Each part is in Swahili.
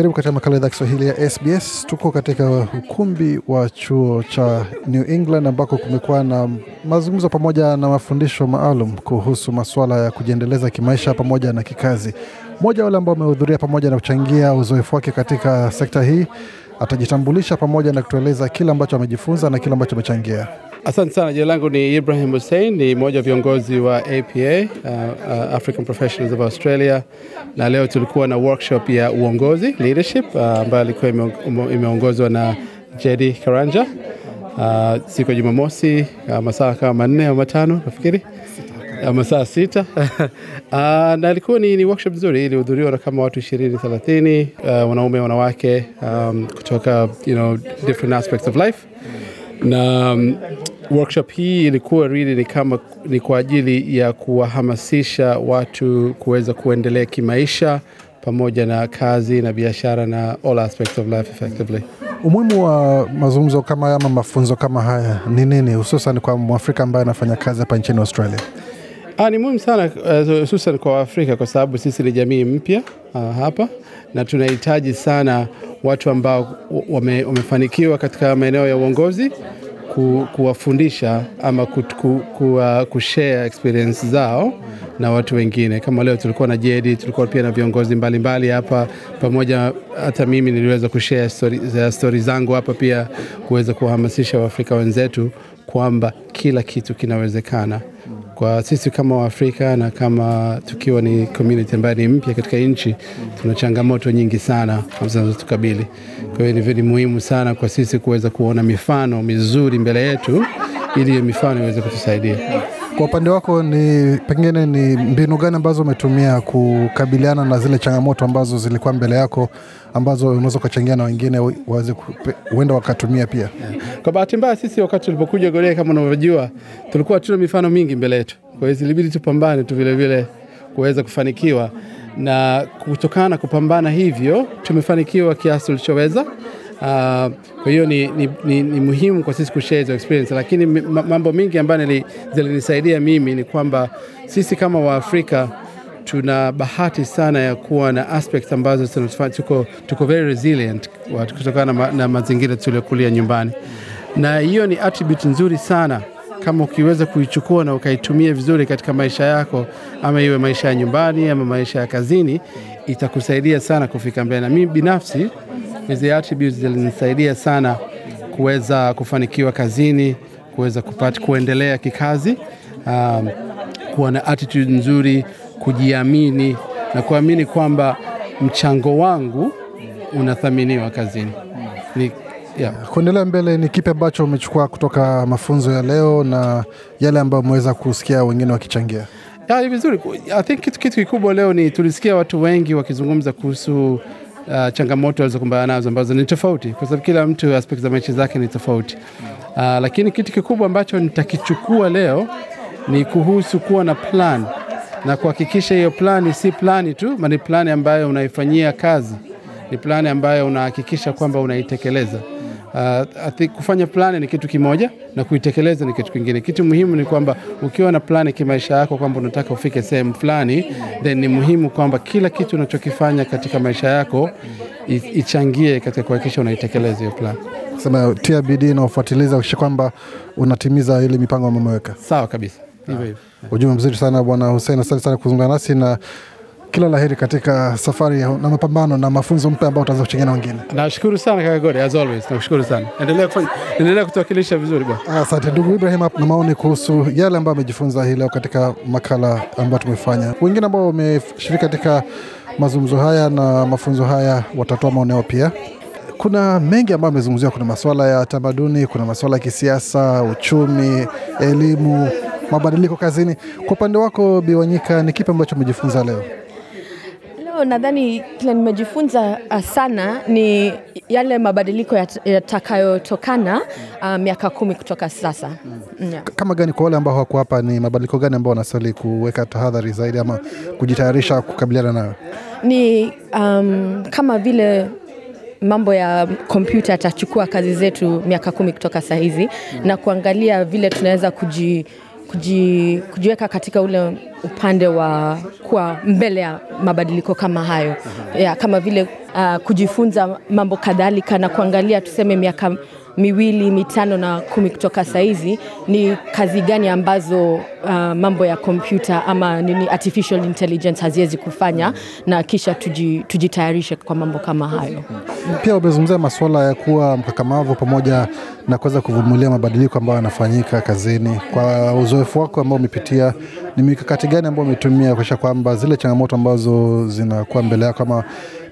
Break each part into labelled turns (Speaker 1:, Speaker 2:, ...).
Speaker 1: Karibu katika makala idhaa Kiswahili ya SBS. Tuko katika ukumbi wa chuo cha New England ambako kumekuwa na mazungumzo pamoja na mafundisho maalum kuhusu masuala ya kujiendeleza kimaisha pamoja na kikazi. Mmoja wale ambao amehudhuria pamoja na kuchangia uzoefu wake katika sekta hii atajitambulisha pamoja na kutueleza kile ambacho amejifunza na kile ambacho amechangia.
Speaker 2: Asante sana. Jina langu ni Ibrahim Hussein, ni mmoja wa viongozi wa APA, uh, uh, African Professionals of Australia, na leo tulikuwa na workshop ya uongozi leadership, uh, ambayo uh, ilikuwa imeongozwa na Jedi Karanja uh, siku ya Jumamosi uh, masaa kama manne au matano nafikiri uh, masaa sita uh, na ilikuwa ni, ni workshop nzuri, ilihudhuriwa na kama watu ishirini thelathini, uh, wanaume wanawake, um, kutoka you know, different aspects of life na um, Workshop hii ilikuwa really ni kama ni kwa ajili ya kuwahamasisha watu kuweza kuendelea kimaisha pamoja na kazi na biashara na all aspects of life effectively.
Speaker 1: Umuhimu wa mazungumzo kama haya ama mafunzo kama haya ni nini, hususan kwa Mwafrika ambaye anafanya kazi hapa nchini Australia?
Speaker 2: Ah, ni muhimu sana eh, hususan uh, kwa Waafrika kwa sababu sisi ni jamii mpya uh, hapa na tunahitaji sana watu ambao wame, wamefanikiwa katika maeneo ya uongozi ku, kuwafundisha ama ku, kushare experience zao na watu wengine. Kama leo tulikuwa na Jedi, tulikuwa pia na viongozi mbalimbali hapa pamoja, hata mimi niliweza kushare story, story zangu hapa pia kuweza kuwahamasisha Waafrika wenzetu kwamba kila kitu kinawezekana. Kwa sisi kama Waafrika na kama tukiwa ni community ambayo ni mpya katika nchi, tuna changamoto nyingi sana zinazotukabili. Kwa hiyo ni muhimu sana kwa sisi kuweza kuona mifano mizuri mbele yetu ili mifano iweze kutusaidia.
Speaker 1: Kwa upande wako, ni pengine ni mbinu gani ambazo umetumia kukabiliana na zile changamoto ambazo zilikuwa mbele yako ambazo unaweza ukachangia na wengine waweze huenda wakatumia pia?
Speaker 2: Kwa bahati mbaya, sisi wakati tulipokuja Gorea, kama unavyojua, tulikuwa tuna mifano mingi mbele yetu, kwa hiyo zilibidi tupambane tu vilevile kuweza kufanikiwa, na kutokana na kupambana hivyo tumefanikiwa kiasi tulichoweza Ah, kwa hiyo ni, ni, ni, ni muhimu kwa sisi kushare hizo experience, lakini mambo mingi ambayo zilinisaidia mimi ni kwamba sisi kama Waafrika tuna bahati sana ya kuwa na aspects ambazo tuko, tuko very resilient kutokana na, na mazingira tuliokulia nyumbani, na hiyo ni attribute nzuri sana kama ukiweza kuichukua na ukaitumia vizuri katika maisha yako, ama iwe maisha ya nyumbani ama maisha ya kazini, itakusaidia sana kufika mbele. Na mimi binafsi hizi attributes zilinisaidia sana kuweza kufanikiwa kazini, kuweza kupata kuendelea kikazi, um, kuwa na attitude nzuri, kujiamini na kuamini kwamba mchango wangu unathaminiwa kazini. Ni, yeah.
Speaker 1: Kuendelea mbele, ni kipi ambacho umechukua kutoka mafunzo ya leo na yale ambayo umeweza kusikia wengine wakichangia?
Speaker 2: Ni vizuri. I think kitu, kitu kikubwa leo ni tulisikia watu wengi wakizungumza kuhusu uh, changamoto alizokumbana nazo ambazo ni tofauti, kwa sababu kila mtu aspect za maisha zake ni tofauti uh, lakini kitu kikubwa ambacho nitakichukua leo ni kuhusu kuwa na plan na kuhakikisha hiyo plani si plani tu, ni plani ambayo unaifanyia kazi, ni plani ambayo unahakikisha kwamba unaitekeleza. Uh, kufanya plani ni kitu kimoja na kuitekeleza ni kitu kingine. Kitu muhimu ni kwamba ukiwa na plani kimaisha yako kwamba unataka ufike sehemu fulani, then ni muhimu kwamba kila kitu unachokifanya katika maisha yako ichangie katika kuhakikisha unaitekeleza hiyo plani.
Speaker 1: Sema tia bidii na ufuatiliza kisha kwamba unatimiza ile mipango ambayo umeweka. Sawa kabisa, hivyo ah. hivyo. Ujumbe mzuri sana Bwana Hussein, asante sana kuzungumza nasi na kila laheri katika safari na mapambano na mafunzo mpya ambayo utaweza kuchangia na wengine.
Speaker 2: Nashukuru sana kaka Gode, as always nakushukuru sana, endelea kufanya, endelea kutuwakilisha vizuri bwana. Asante ndugu Ibrahim, na maoni
Speaker 1: kuhusu yale ambayo amejifunza hii leo katika makala ambayo tumefanya. Wengine ambao wameshiriki katika mazungumzo haya na mafunzo haya watatoa maoneo pia. Kuna mengi ambayo amezungumziwa. Kuna masuala ya tamaduni, kuna masuala ya kisiasa, uchumi, elimu, mabadiliko kazini. Kwa upande wako Biwanyika, ni kipi ambacho umejifunza leo?
Speaker 3: nadhani kile nimejifunza ah, sana ni yale mabadiliko yatakayotokana ya uh, miaka kumi kutoka sasa mm.
Speaker 1: yeah. Kama gani kwa wale ambao wako hapa, ni mabadiliko gani ambao wanastahili kuweka tahadhari zaidi ama kujitayarisha kukabiliana nayo?
Speaker 3: Ni um, kama vile mambo ya kompyuta yatachukua kazi zetu miaka kumi kutoka saa hizi mm. na kuangalia vile tunaweza kuji kuji, kujiweka katika ule upande wa kuwa mbele ya mabadiliko kama hayo ya, kama vile uh, kujifunza mambo kadhalika na kuangalia tuseme miaka miwili mitano na kumi kutoka sahizi ni kazi gani ambazo uh, mambo ya kompyuta ama nini artificial intelligence haziwezi kufanya na kisha tuji, tujitayarishe kwa mambo kama hayo
Speaker 1: pia umezungumzia masuala ya kuwa mkakamavu pamoja na kuweza kuvumilia mabadiliko ambayo yanafanyika kazini kwa uzoefu wako ambao umepitia ni mikakati gani ambayo umetumia kuakisha kwamba zile changamoto ambazo zinakuwa mbele yako ama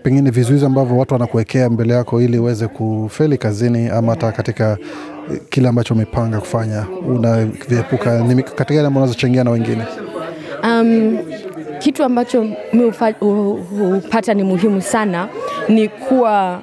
Speaker 1: pengine vizuizi ambavyo watu wanakuwekea mbele yako ili uweze kufeli kazini ama hata katika eh, kile ambacho umepanga kufanya, unaviepuka katika ile ambao unazochangia na wengine?
Speaker 3: Um, kitu ambacho mi hupata ni muhimu sana ni kuwa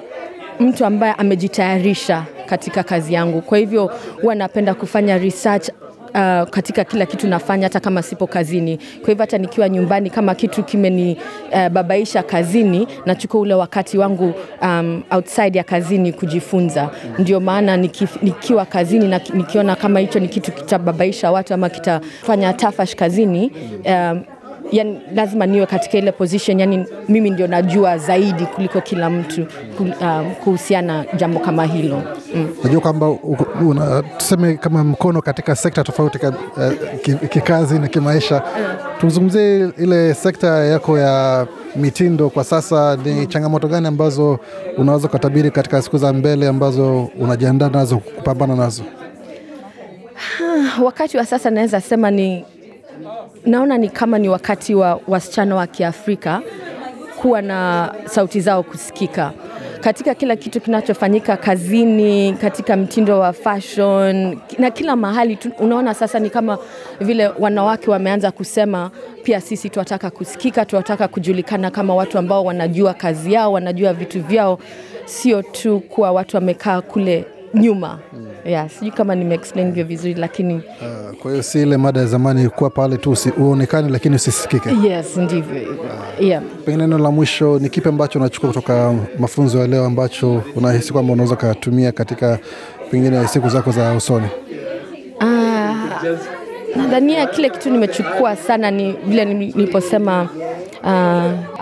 Speaker 3: mtu ambaye amejitayarisha katika kazi yangu. Kwa hivyo huwa napenda kufanya research uh, katika kila kitu nafanya, hata kama sipo kazini. Kwa hivyo hata nikiwa nyumbani kama kitu kimenibabaisha uh, kazini, nachukua ule wakati wangu um, outside ya kazini kujifunza. Ndio maana niki, nikiwa kazini na nikiona kama hicho ni kitu kitababaisha watu ama kitafanya tafash kazini um, yani lazima niwe katika ile position, yani mimi ndio najua zaidi kuliko kila mtu ah, kuhusiana jambo
Speaker 1: kama hilo mm. Najua kwamba tuseme kama mkono katika sekta tofauti uh, kikazi na kimaisha mm. Tuzungumzie ile sekta yako ya mitindo kwa sasa, ni mm. changamoto gani ambazo unaweza ukatabiri katika siku za mbele ambazo unajiandaa nazo kupambana nazo?
Speaker 3: Ha, wakati wa sasa naweza sema ni naona ni kama ni wakati wa wasichana wa Kiafrika kuwa na sauti zao kusikika katika kila kitu kinachofanyika kazini, katika mtindo wa fashion na kila mahali tu, unaona sasa ni kama vile wanawake wameanza kusema pia sisi tunataka kusikika, tunataka kujulikana kama watu ambao wanajua kazi yao, wanajua vitu vyao, sio tu kuwa watu wamekaa kule nyuma mm. Yeah, sijui kama nimeexplain hivyo vizuri lakini uh,
Speaker 1: kwa hiyo si ile mada ya zamani kuwa pale tu uonekane lakini usisikike.
Speaker 3: Yes, ndivyo uh, yeah.
Speaker 1: Pengine neno la mwisho ni kipi ambacho unachukua kutoka mafunzo ya leo ambacho unahisi kwamba unaweza ukatumia katika pengine siku zako za usoni?
Speaker 3: Uh, ah, nadhania kile kitu nimechukua sana ni vile niliposema uh,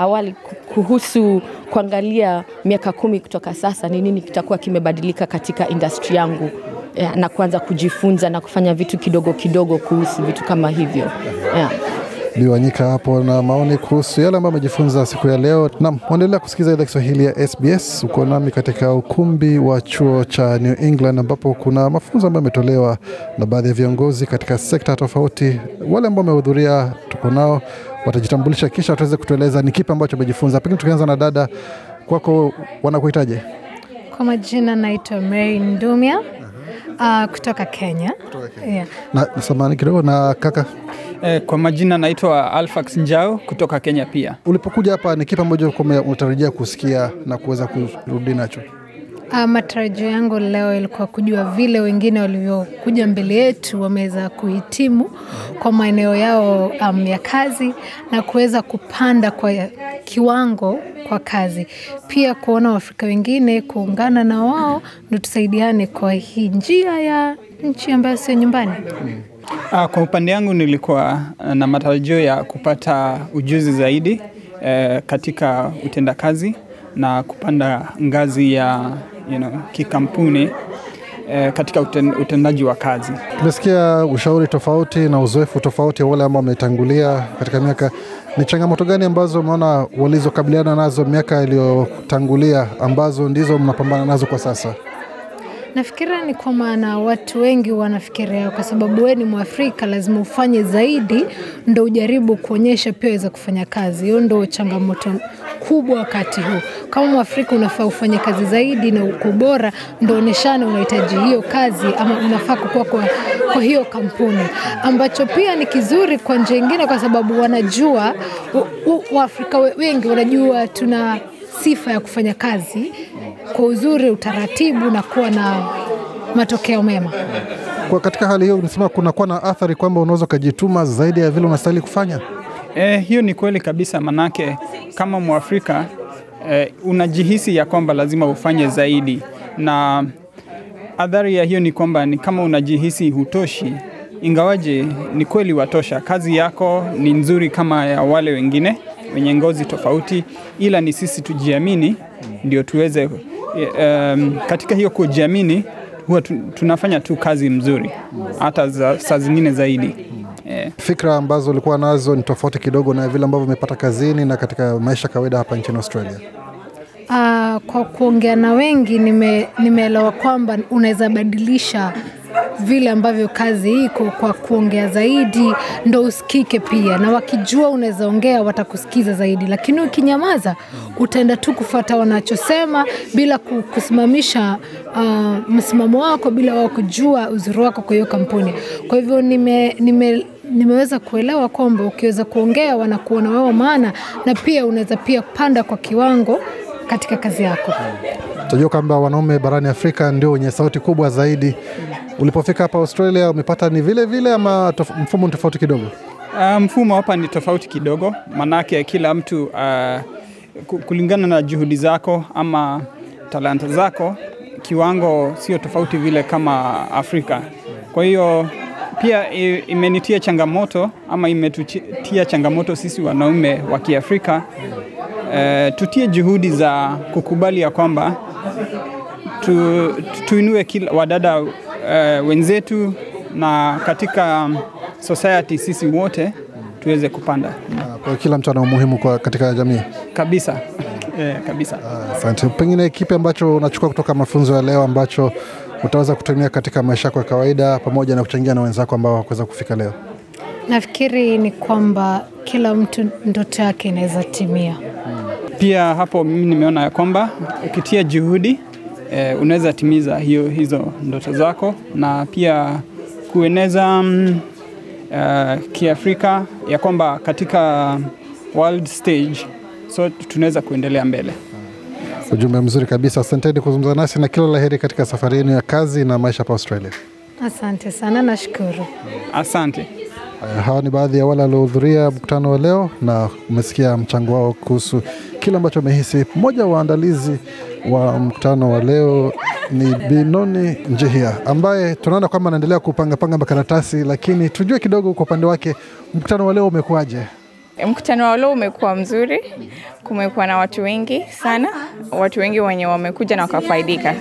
Speaker 3: awali kuhusu kuangalia miaka kumi kutoka sasa ni nini kitakuwa kimebadilika katika industry yangu yeah, na kuanza kujifunza na kufanya vitu kidogo kidogo kuhusu vitu kama hivyo yeah.
Speaker 1: Biwanyika hapo na maoni kuhusu yale ambayo amejifunza siku ya leo. nam waendelea kusikiliza idhaa Kiswahili ya SBS. Uko nami katika ukumbi wa chuo cha New England ambapo kuna mafunzo ambayo ametolewa na baadhi ya viongozi katika sekta tofauti. Wale ambao wamehudhuria tuko nao watajitambulisha, kisha wataweze kutueleza ni kipi ambacho wamejifunza. Pengine tukianza na dada, kwako wanakuhitaje?
Speaker 4: Kwa majina naitwa Mary Ndumia. Uh-huh. Uh, kutoka Kenya, kutoka Kenya. Yeah.
Speaker 1: Na, na samani kidogo na kaka
Speaker 5: eh, kwa majina naitwa Alfax Njao kutoka Kenya pia.
Speaker 1: Ulipokuja hapa ni kipi ambacho unatarajia kusikia na kuweza kurudi nacho?
Speaker 4: Ah, matarajio yangu leo ilikuwa kujua vile wengine walivyokuja mbele yetu wameweza kuhitimu kwa maeneo yao um, ya kazi na kuweza kupanda kwa kiwango kwa kazi. Pia kuona waafrika wengine kuungana na wao ndo tusaidiane kwa hii njia ya nchi ambayo sio nyumbani. Hmm.
Speaker 5: Ah, kwa upande wangu nilikuwa eh, na matarajio ya kupata ujuzi zaidi eh, katika utendakazi na kupanda ngazi ya you know, kikampuni eh, katika uten, utendaji wa kazi.
Speaker 1: Tumesikia ushauri tofauti na uzoefu tofauti wa wale ambao wametangulia katika miaka. Ni changamoto gani ambazo umeona walizokabiliana nazo miaka iliyotangulia ambazo ndizo mnapambana nazo kwa sasa?
Speaker 4: Nafikiria ni kwa maana watu wengi wanafikiria kwa sababu wewe ni Mwafrika lazima ufanye zaidi, ndo ujaribu kuonyesha pia weza kufanya kazi. Hiyo ndo changamoto kubwa wakati huu. Kama Mwafrika unafaa ufanye kazi zaidi na uko bora, ndo oneshane unahitaji hiyo kazi ama unafaa kukua kwa, kwa hiyo kampuni, ambacho pia ni kizuri kwa njia ingine, kwa sababu wanajua Waafrika wengi wanajua tuna sifa ya kufanya kazi kwa uzuri, utaratibu na kuwa na matokeo mema.
Speaker 1: Kwa katika hali hiyo unasema kunakuwa na athari kwamba unaweza ukajituma zaidi ya vile unastahili kufanya.
Speaker 5: Eh, hiyo ni kweli kabisa, manake kama Mwafrika eh, unajihisi ya kwamba lazima ufanye zaidi, na adhari ya hiyo ni kwamba ni kama unajihisi hutoshi, ingawaje ni kweli watosha. Kazi yako ni nzuri kama ya wale wengine wenye ngozi tofauti, ila ni sisi tujiamini ndio tuweze um, katika hiyo kujiamini huwa tunafanya tu kazi mzuri hata za, saa zingine zaidi.
Speaker 1: Yeah. Fikra ambazo ulikuwa nazo ni tofauti kidogo na vile ambavyo umepata kazini na katika maisha kawaida hapa nchini Australia?
Speaker 4: Uh, kwa kuongea na wengi nimeelewa nime kwamba unaweza badilisha vile ambavyo kazi iko kwa kuongea zaidi ndo usikike pia, na wakijua unaweza ongea watakusikiza zaidi, lakini ukinyamaza utaenda tu kufata wanachosema bila kusimamisha uh, msimamo wako bila wao kujua uzuri wako kwa hiyo kampuni. Kwa hivyo nime, nime nimeweza kuelewa kwamba ukiweza kuongea wanakuona wewe maana, na pia unaweza pia panda kwa kiwango katika kazi yako.
Speaker 1: Tunajua kwamba wanaume barani Afrika ndio wenye sauti kubwa zaidi. Ulipofika hapa Australia umepata ni vile vile ama tof mfumo tofauti kidogo?
Speaker 5: Uh, mfumo hapa ni tofauti kidogo, maanake kila mtu uh, kulingana na juhudi zako ama talanta zako, kiwango sio tofauti vile kama Afrika. Kwa hiyo pia imenitia changamoto ama imetutia changamoto sisi wanaume wa Kiafrika e, tutie juhudi za kukubali ya kwamba tu, tuinue kila, wadada e, wenzetu na katika society sisi wote tuweze kupanda.
Speaker 1: Kwa kila mtu ana umuhimu kwa katika jamii
Speaker 5: kabisa. E, kabisa.
Speaker 1: Asante. Pengine kipi ambacho unachukua kutoka mafunzo ya leo ambacho utaweza kutumia katika maisha yako ya kawaida pamoja na kuchangia na wenzako ambao wakuweza kufika
Speaker 5: leo?
Speaker 4: Nafikiri ni kwamba kila mtu ndoto yake inaweza timia.
Speaker 5: Hmm. Pia hapo mimi nimeona ya kwamba ukitia juhudi e, unaweza timiza hiyo, hizo ndoto zako na pia kueneza mm, uh, Kiafrika ya kwamba katika world stage so tunaweza kuendelea mbele.
Speaker 1: Ujumbe mzuri kabisa, asanteni kuzungumza nasi na kila laheri katika safari yenu ya kazi na maisha hapa Australia.
Speaker 4: Asante sana, nashukuru.
Speaker 5: Asante.
Speaker 1: Hawa ni baadhi ya wale waliohudhuria mkutano wa leo, na umesikia mchango wao kuhusu kile ambacho amehisi. Mmoja wa waandalizi wa mkutano wa leo ni Binoni Njihia ambaye tunaona kwamba anaendelea kupangapanga makaratasi, lakini tujue kidogo kwa upande wake mkutano wa leo umekuwaje?
Speaker 6: Mkutano wa leo umekuwa mzuri, kumekuwa na watu wengi sana, watu wengi wenye wamekuja na wakafaidika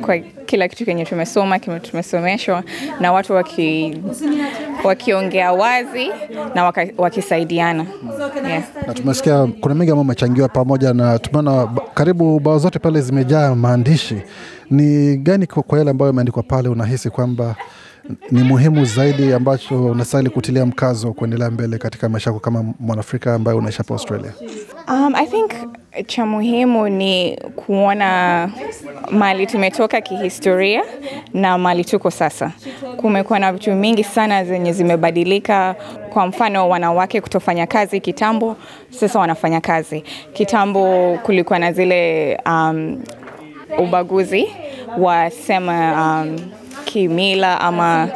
Speaker 6: kwa kila kitu kenye tumesoma tumesomeshwa, na watu waki, wakiongea wazi na waka, wakisaidiana yeah.
Speaker 1: Na tumesikia kuna mengi ambayo amechangiwa pamoja, na tumeona karibu bao zote pale zimejaa maandishi. Ni gani kwa yale ambayo yameandikwa pale unahisi kwamba ni muhimu zaidi ambacho unastahili kutilia mkazo kuendelea mbele katika maisha yako kama Mwanaafrika ambaye unaishi hapa Australia?
Speaker 6: Um, I think cha muhimu ni kuona mali tumetoka kihistoria na mali tuko sasa. Kumekuwa na vitu mingi sana zenye zimebadilika. Kwa mfano, wanawake kutofanya kazi kitambo, sasa wanafanya kazi. Kitambo kulikuwa na zile um, ubaguzi wasema um, kimila ama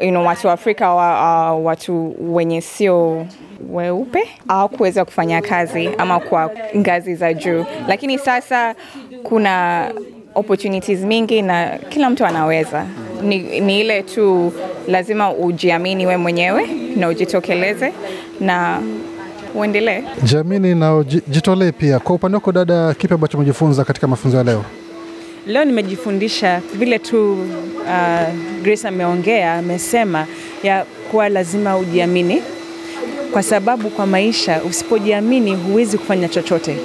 Speaker 6: you know, watu wa Afrika wa, uh, watu wenye sio weupe au kuweza kufanya kazi ama kwa ngazi za juu, lakini sasa kuna opportunities mingi na kila mtu anaweza. Ni, ni ile tu lazima ujiamini we mwenyewe na ujitokeleze na uendelee.
Speaker 1: Jiamini na ujitolee pia. Kwa upande wako dada, kipi ambacho umejifunza katika mafunzo ya leo?
Speaker 6: Leo
Speaker 7: nimejifundisha vile tu uh, Grace ameongea, amesema ya kuwa lazima ujiamini, kwa sababu kwa maisha usipojiamini huwezi kufanya chochote.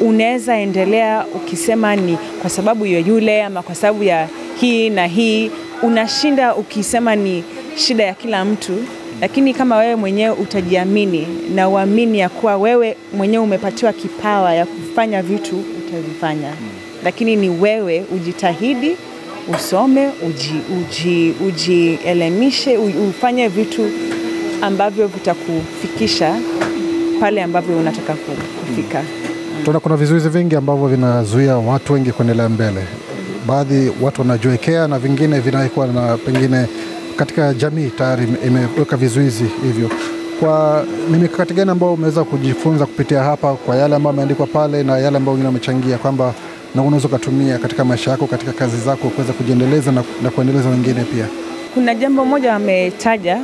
Speaker 7: Unaweza endelea ukisema ni kwa sababu ya yule ama kwa sababu ya hii na hii, unashinda ukisema ni shida ya kila mtu, lakini kama wewe mwenyewe utajiamini na uamini ya kuwa wewe mwenyewe umepatiwa kipawa ya kufanya vitu, utavifanya lakini ni wewe ujitahidi usome uji, uji, ujielemishe ufanye vitu ambavyo vitakufikisha pale ambavyo unataka
Speaker 3: kufika mm.
Speaker 1: Tuna kuna vizuizi vingi ambavyo vinazuia watu wengi kuendelea mbele. Baadhi watu wanajiwekea na vingine vinawekwa na pengine katika jamii tayari imeweka vizuizi hivyo. Kwa ni mikakati gani ambayo umeweza kujifunza kupitia hapa, kwa yale ambayo ameandikwa pale na yale ambayo wengine wamechangia kwamba na unaweza ukatumia katika maisha yako, katika kazi zako, kuweza kujiendeleza na, na kuendeleza wengine pia.
Speaker 7: Kuna jambo moja ametaja,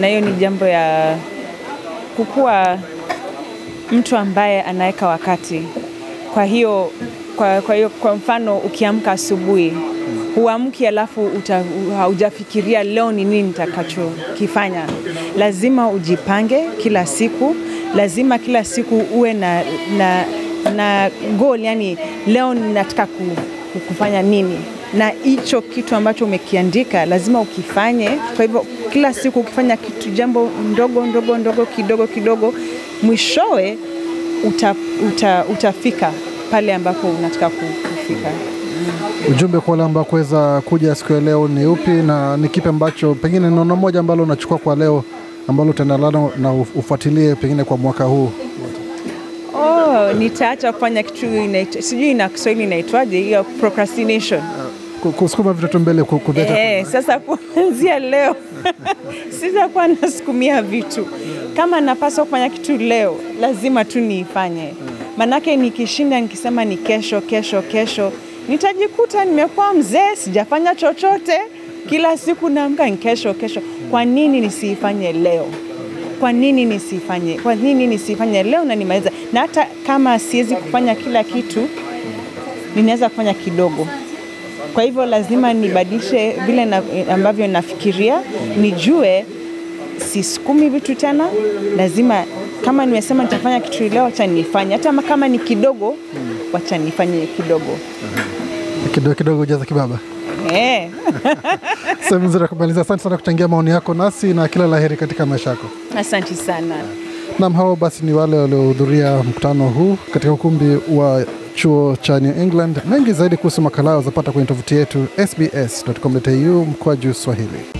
Speaker 7: na hiyo ni jambo ya kukuwa mtu ambaye anaweka wakati. Kwa hiyo kwa, kwa, hiyo, kwa mfano ukiamka asubuhi huamki alafu haujafikiria leo ni nini nitakachokifanya. Lazima ujipange kila siku, lazima kila siku uwe na, na na goal, yani leo ninataka kufanya nini, na hicho kitu ambacho umekiandika lazima ukifanye. Kwa hivyo kila siku ukifanya kitu jambo ndogo ndogo ndogo kidogo kidogo, mwishowe uta, uta, utafika pale ambapo unataka kufika.
Speaker 1: Ujumbe kwa wale ambao kuweza kuja siku ya leo ni upi, na ni kipi ambacho pengine nono moja ambalo unachukua kwa leo ambalo utaenda na ufuatilie pengine kwa mwaka huu?
Speaker 7: oh, nitaacha kufanya kitu sijui na Kiswahili inaitwaje hiyo procrastination
Speaker 1: kusukuma vitu mbele kuleta
Speaker 7: eh, sasa kuanzia leo sitakuwa nasukumia vitu. Kama napaswa kufanya kitu leo, lazima tu niifanye, manake nikishinda nikisema ni kesho kesho kesho, nitajikuta nimekuwa mzee, sijafanya chochote. Kila siku naamka ni kesho kesho. Kwa nini nisiifanye leo? kwa nini nisifanye, kwa nini nisifanye leo na nimaliza, na hata kama siwezi kufanya kila kitu, ninaweza kufanya kidogo. Kwa hivyo lazima nibadilishe vile na, ambavyo nafikiria, nijue sisukumi vitu tena, lazima kama nimesema nitafanya kitu leo, wacha nifanye, hata kama ni kidogo, wacha nifanye kidogo
Speaker 1: kidogo kidogo, jaza kibaba. Sehemu nzuri ya kumaliza. Asante sana kuchangia maoni yako nasi na kila laheri katika maisha yako.
Speaker 7: Asante sana.
Speaker 1: nam hao basi ni wale waliohudhuria mkutano huu katika ukumbi wa chuo cha New England. Mengi zaidi kuhusu makala yao zapata kwenye tovuti yetu sbs.com.au mkoa juu Swahili.